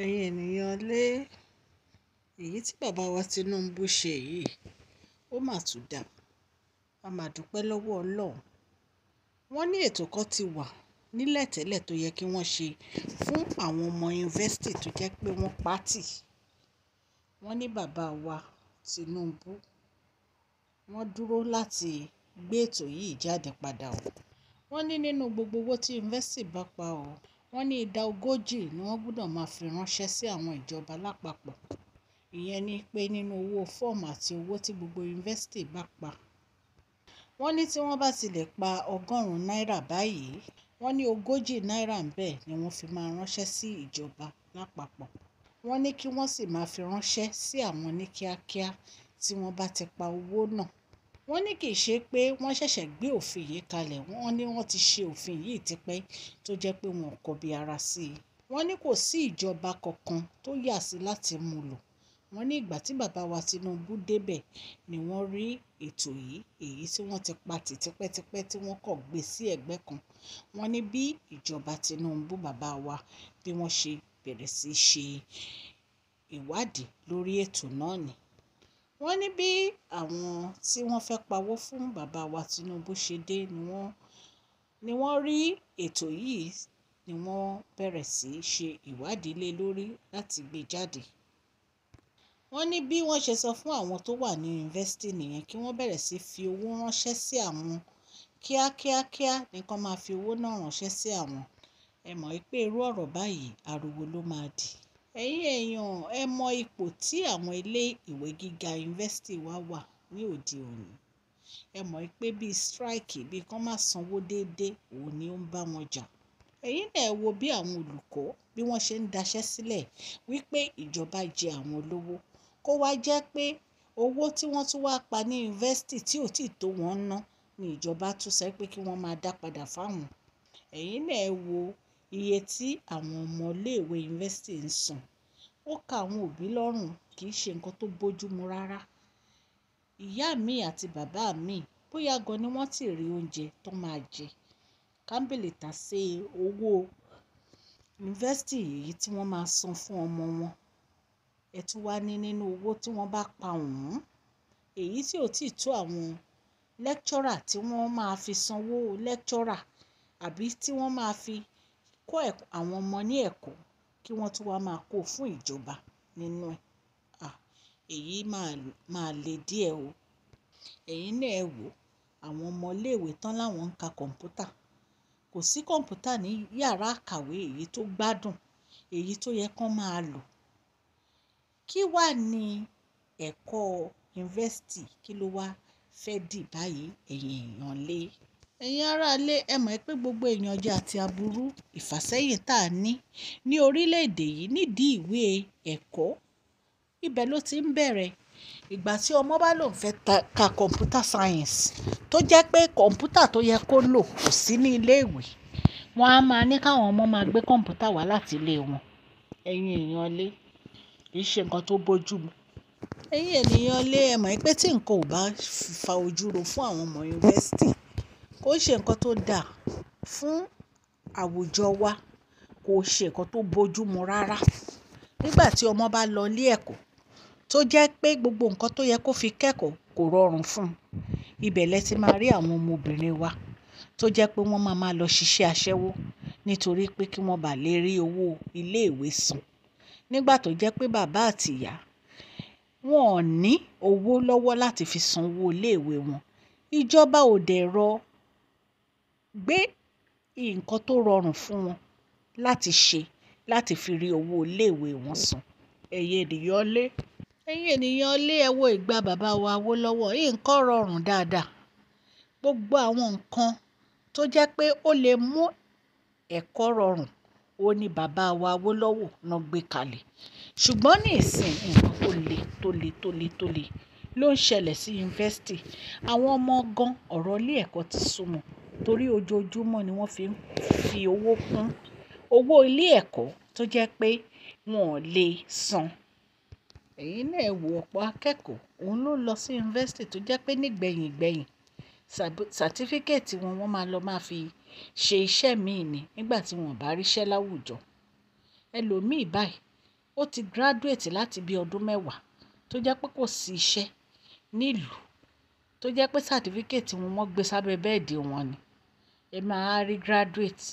ẹ̀yin ènìyàn lé èyí tí bàbá wa Tinubu ṣe yìí ó mà tún dà á mà dúpẹ́ lọ́wọ́ Ọlọ́run wọ́n ní ètò kan ti wà nílẹ̀ tẹ́lẹ̀ tó yẹ kí wọ́n ṣe fún àwọn ọmọ yunifásitì tó jẹ́ pé wọ́n pátì wọ́n ní bàbá wa Tinubu wọ́n dúró láti gbé ètò yìí jáde padà o wọ́n ní nínú gbogbo owó tí yunifásitì bá pa o wọ́n ní ìdá ogójì ni wọ́n gbọ́dọ̀ máa fi ránṣẹ́ sí àwọn ìjọba lápapọ̀ ìyẹn ni pé nínú owó fọ́ọ̀mù àti owó tí gbogbo yunifásitì bá pa wọ́n ní tí wọ́n bá ti lè pa ọgọ́rùn-ún náírà báyìí wọ́n ní ogójì náírà ń bẹ̀ ni wọ́n fi máa ránṣẹ́ sí ìjọba lápapọ̀ wọ́n ní kí wọ́n sì máa fi ránṣẹ́ sí àwọn ní kíákíá tí wọ́n bá ti pa owó náà wọ́n ní kì í ṣe pé wọ́n ṣẹ̀ṣẹ̀ gbé òfin yìí kalẹ̀ wọ́n ní wọ́n ti ṣe òfin yìí tipẹ́ tó jẹ́ pé wọn kò bí ara sí i wọ́n ní kò sí ìjọba kankan tó yà sí láti mú lò wọ́n ní ìgbà tí bàbá wa Tinubu débẹ̀ ni wọ́n rí ètò yìí èyí tí wọ́n ti pa tipẹ́tipẹ́ tí wọ́n kọ̀ gbé sí ẹ̀gbẹ́ kan wọ́n ní bí ìjọba Tinubu bàbá wa bí wọ́n ṣe bẹ̀rẹ̀ sí ṣe ìwádìí lórí ètò náà ni wọ́n ní bí àwọn tí wọ́n fẹ́ pawó fún bàbá wa Tinubu ṣe dé ni wọ́n ni wọ́n rí ètò yìí ni wọ́n bẹ̀rẹ̀ sí í ṣe ìwádìí lé lórí láti gbé e jáde wọ́n ní bí wọ́n ṣe sọ fún àwọn tó wà ní yunifásitì nìyẹn kí wọ́n bẹ̀rẹ̀ sí fi owó ránṣẹ́ sí àwọn kíákíákíá nìkan máa fi owó náà ránṣẹ́ sí àwọn ẹ mọ̀ pé irú ọ̀rọ̀ báyìí ariwo ló máa dì Ẹ̀yin èèyàn, ẹ mọ ipò tí àwọn ilé ìwé gíga yunifásítì wa wà ní òde òní. Ẹ mọ̀ pé bí strike bí kan má sanwó déédé, òun ni ó ń bá wọn jà. Ẹ̀yin náà ẹ wo bí àwọn olùkọ́ bí wọ́n ṣe ń daṣẹ́ sílẹ̀ wípé ìjọba jẹ àwọn lówó. Kó wá jẹ́ pé owó tí wọ́n tún wá pa ní yunifásítì tí ò tí tó wọn ná ni ìjọba tún sọ pé kí wọ́n máa dá padà fáwọn. Ẹ̀yin náà wo iye tí àwọn ọmọ iléèwé yunifásítì ń san ó ka àwọn òbí lọ́rùn kì í ṣe nǹkan tó bójúmu rárá ìyá mi àti bàbá mi bóyá gan ni wọ́n ti rí oúnjẹ tó máa jẹ kábèlè tàsé owó yunifásítì èyí tí wọ́n máa san fún ọmọ wọn ẹ tún wá ní nínú owó tí wọ́n bá pa òun èyí tí ò tí ì tó àwọn lẹ́kítọ́rà tí wọ́n máa fi sanwó lẹ́kítọ́rà àbí tí wọ́n máa fi kọ́ àwọn ọmọ ní ẹ̀kọ́ kí wọ́n tún wá máa kó fún ìjọba nínú ẹ̀. À, èyí máa le díẹ̀ o. Ẹ̀yin náà ẹ wò àwọn ọmọ ilé ìwé tán láwọn ń ka kọ̀ǹpútà. Kò sí kọ̀ǹpútà ní yàrá ìkàwé èyí tó gbádùn, èyí tó yẹ kó máa lò. Kí wà ní ẹ̀kọ́ yunifásítì? Kí ló wá fẹ́ dì báyìí ẹ̀yin èèyàn lé? ẹ̀yin aráalé ẹ mọ̀ pé gbogbo ìyànjẹ àti aburú ìfàsẹ́yìn tá a ní ní orílẹ̀-èdè yìí nídìí ìwé ẹ̀kọ́ ibẹ̀ ló ti ń bẹ̀rẹ̀ ìgbà tí ọmọ bá lòun fẹ́ ka computer science tó jẹ́ pé kọ̀ǹpútà tó yẹ kó lò kò sí ní iléèwé wọn á máa ní káwọn ọmọ máa gbé kọ̀ǹpútà wá láti ilé wọn ẹ̀yin èèyàn lé kì í ṣe nǹkan tó bójú mu ẹ̀yin ènìyàn lé ẹ mọ̀ pé tí nǹkan ò bá fa ojú ro fún àwọn ọmọ yunifásitì kò ṣe nǹkan tó dáa fún àwùjọ wa kò ṣe nǹkan tó bójú mu rárá nígbà tí ọmọ bá lọ ilé ẹ̀kọ́ tó jẹ́ pé gbogbo nǹkan tó yẹ kó fi kẹ́kọ̀ọ́ kò rọrùn fún un ibẹ̀ lẹ ti máa rí àwọn ọmọbìnrin wa tó jẹ́ pé wọ́n máa máa lọ ṣiṣẹ́ aṣẹ́wó nítorí pé kí wọ́n bàa lè rí owó iléèwé san nígbà tó jẹ́ pé bàbá àtìyá wọn ò ní owó lọ́wọ́ láti fi san owó iléèwé wọn ìjọba ò dẹ̀ rọ gbé nǹkan tó rọrùn fún wọn láti ṣe láti fi rí owó iléèwé wọn san. Ẹ̀yin ènìyàn lé, ẹ̀yin ènìyàn lé, ẹ wo ìgbà bàbá wa Awólọ́wọ̀, nǹkan rọrùn dáadáa. Gbogbo àwọn nǹkan tó jẹ́ pé ó lè mú ẹ̀kọ́ rọrùn, òun ni bàbá wa Awólọ́wọ̀ náà gbé kalẹ̀. Ṣùgbọ́n ní ìsìn, nǹkan tó le, tó le, tó le, tó le ló ń ṣẹlẹ̀ sí yunifásítì. Àwọn ọmọ gan ọ̀rọ̀ ilé ẹ̀kọ́ ti sú torí ojoojúmọ́ ni wọ́n fi ń fi owó kún owó ilé ẹ̀kọ́ tó jẹ́ pé wọn ò lè san. Ẹ̀yin náà wò ọ̀pọ̀ akẹ́kọ̀ọ́ òun ló lọ sí yunifásítì tó jẹ́ pé nígbẹ̀yìn gbẹ̀yìn sàtífíkẹ̀tì wọn wọ́n máa lọ máa fi ṣe iṣẹ́ míì ni nígbà tí wọn ò bá ríṣẹ́ láwùjọ. Ẹlòmíì báyìí ó ti graduate láti bí ọdún mẹ́wàá tó jẹ́ pé kò sí iṣẹ́ nílùú tó jẹ́ pé sàtífíkẹ́ẹ̀tì wọn wọ́n gbé sábẹ́ bẹ́ẹ̀dì wọn ni ẹ máa rí graduate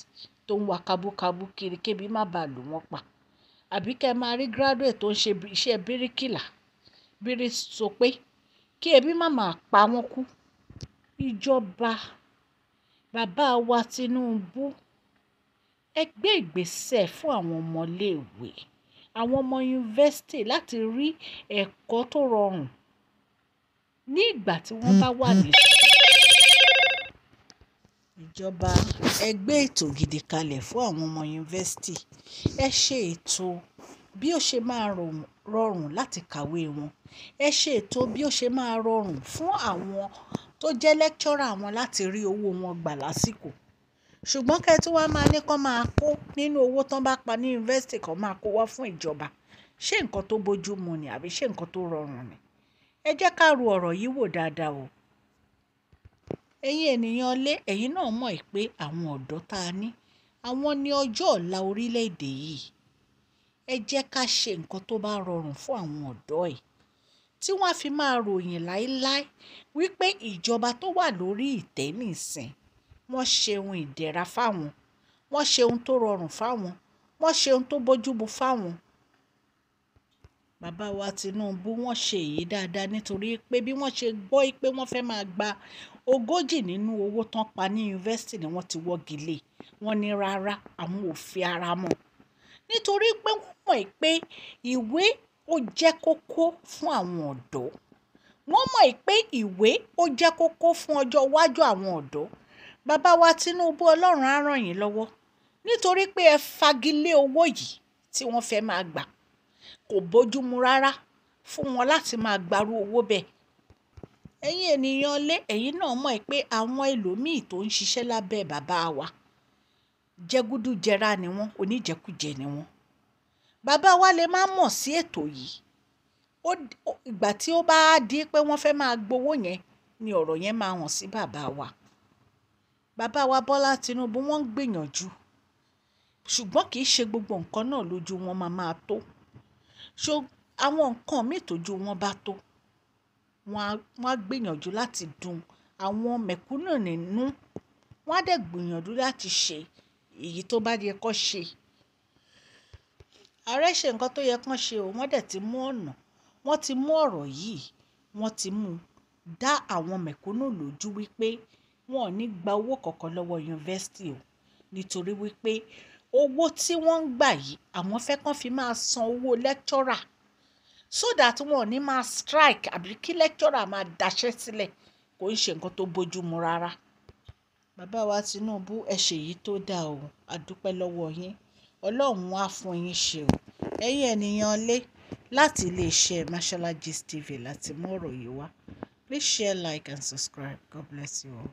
tó ń wa kabúkabú kiri kébi má bàa lù wọ́n pa àbí kẹ́ ẹ máa rí graduate tó ń ṣe iṣẹ́ bíríkìlà bírí sọ pé kí ebi má máa pa wọ́n kú ìjọba bàbá wa Tinubu ẹ gbé ìgbésẹ̀ fún àwọn ọmọléèwé àwọn ọmọ yunifásitì láti rí ẹ̀kọ́ tó rọrùn ní ìgbà tí wọ́n bá wà ní. ìjọba ẹ gbé ètò gidi kalẹ̀ fún àwọn ọmọ yunifásitì ẹ ṣe ètò bí ó ṣe máa rọrùn láti kàwé wọn ẹ ṣe ètò bí ó ṣe máa rọrùn fún àwọn tó jẹ́ lẹ́kítọ́rà wọn láti rí owó wọn gbà lásìkò ṣùgbọ́n kẹ́ tó wá máa ní kán máa kó nínú owó tán bá pa ní yunifásitì kan máa kó wá fún ìjọba ṣé nǹkan tó bójú mu ni àbí ṣé nǹkan tó rọrùn ni ẹ jẹ́ ká ro ọ̀rọ̀ yìí wò dáadáa o ẹ̀yin ènìyàn lé ẹ̀yin náà mọ̀ pé àwọn ọ̀dọ́ tá a ní àwọn ni ọjọ́ ọ̀la orílẹ̀-èdè yìí ẹ jẹ́ ká ṣe nǹkan tó bá rọrùn fún àwọn ọ̀dọ́ ẹ̀ tí wọ́n á fi máa ròyìn láéláé wípé ìjọba tó wà lórí ìtẹ́ nìsín wọ́n ṣe ohun ìdẹ̀ra fáwọn wọ́n ṣe ohun tó rọrùn fáwọn wọ́n ṣe ohun tó bójúmu fáwọn Bàbá wa Tinubu wọ́n ṣe èyí dáadáa nítorí pé bí wọ́n ṣe gbọ́ pé wọ́n fẹ́ máa gba ogójì nínú owó tán pa ní yunifásítì ni wọ́n ti wọ́gi lé. Wọ́n ní rárá àwọn ò fi ara mọ́. Nítorí pé wọ́n mọ̀ pé ìwé ó jẹ́ kókó fún àwọn ọ̀dọ́. Wọ́n mọ̀ pé ìwé ó jẹ́ kókó fún ọjọ́ iwájú àwọn ọ̀dọ́. Bàbá wa Tinubu Ọlọ́run á ràn yín lọ́wọ́ nítorí pé ẹ fagilé owó yìí tí wọ́n fẹ́ máa gbà kò bójúmu rárá fún wọn láti máa gbarú owó bẹ́ẹ̀ ẹ̀yin ènìyàn lé ẹ̀yin náà mọ̀ pé àwọn ẹlòmíì tó ń ṣiṣẹ́ lábẹ́ bàbá wa jẹgúdújẹrá ni wọ́n oníjẹkújẹ ni wọ́n bàbá wa lè má mọ̀ sí ètò yìí ìgbà tí ó bá di pé wọ́n fẹ́ máa gbowó yẹn ni ọ̀rọ̀ yẹn máa hàn sí bàbá wa bàbá wa Bọ́lá Tinubu wọ́n ń gbìyànjú ṣùgbọ́n kì í ṣe gbogbo nǹkan náà lójú wọn máa máa tó ṣó àwọn nǹkan míì tójú wọn bá tó wọ́n á gbìyànjú láti dun àwọn mẹ̀kúnnù nínú wọ́n á dẹ̀ gbìyànjú láti ṣe èyí tó bá yẹ kó ṣe ààrẹ ṣe nǹkan tó yẹ kán ṣe o wọ́n dẹ̀ ti mú ọ̀nà wọ́n ti mú ọ̀rọ̀ yìí wọ́n ti mú dá àwọn mẹ̀kúnnù lójú wípé wọn ò ní gba owó kankan lọ́wọ́ yunifásitì o nítorí wípé owó tí wọ́n ń gbà yìí àwọn fẹ́ kàn fi máa san owó lecturer so that wọn ò ní máa strike àbí kí lecturer máa daṣẹ́ sílẹ̀ kò ń ṣe nǹkan tó bójú mu rárá. bàbá wa Tinubu ẹ ṣèyí tó dáa o àdúpẹ́ lọ́wọ́ yín ọlọ́run á fún yín ṣe o ẹ̀yin ènìyàn lé láti iléeṣẹ́ Mashola Gist TV láti mú ọ̀rọ̀ yìí wá please share like and subscribe god bless you all.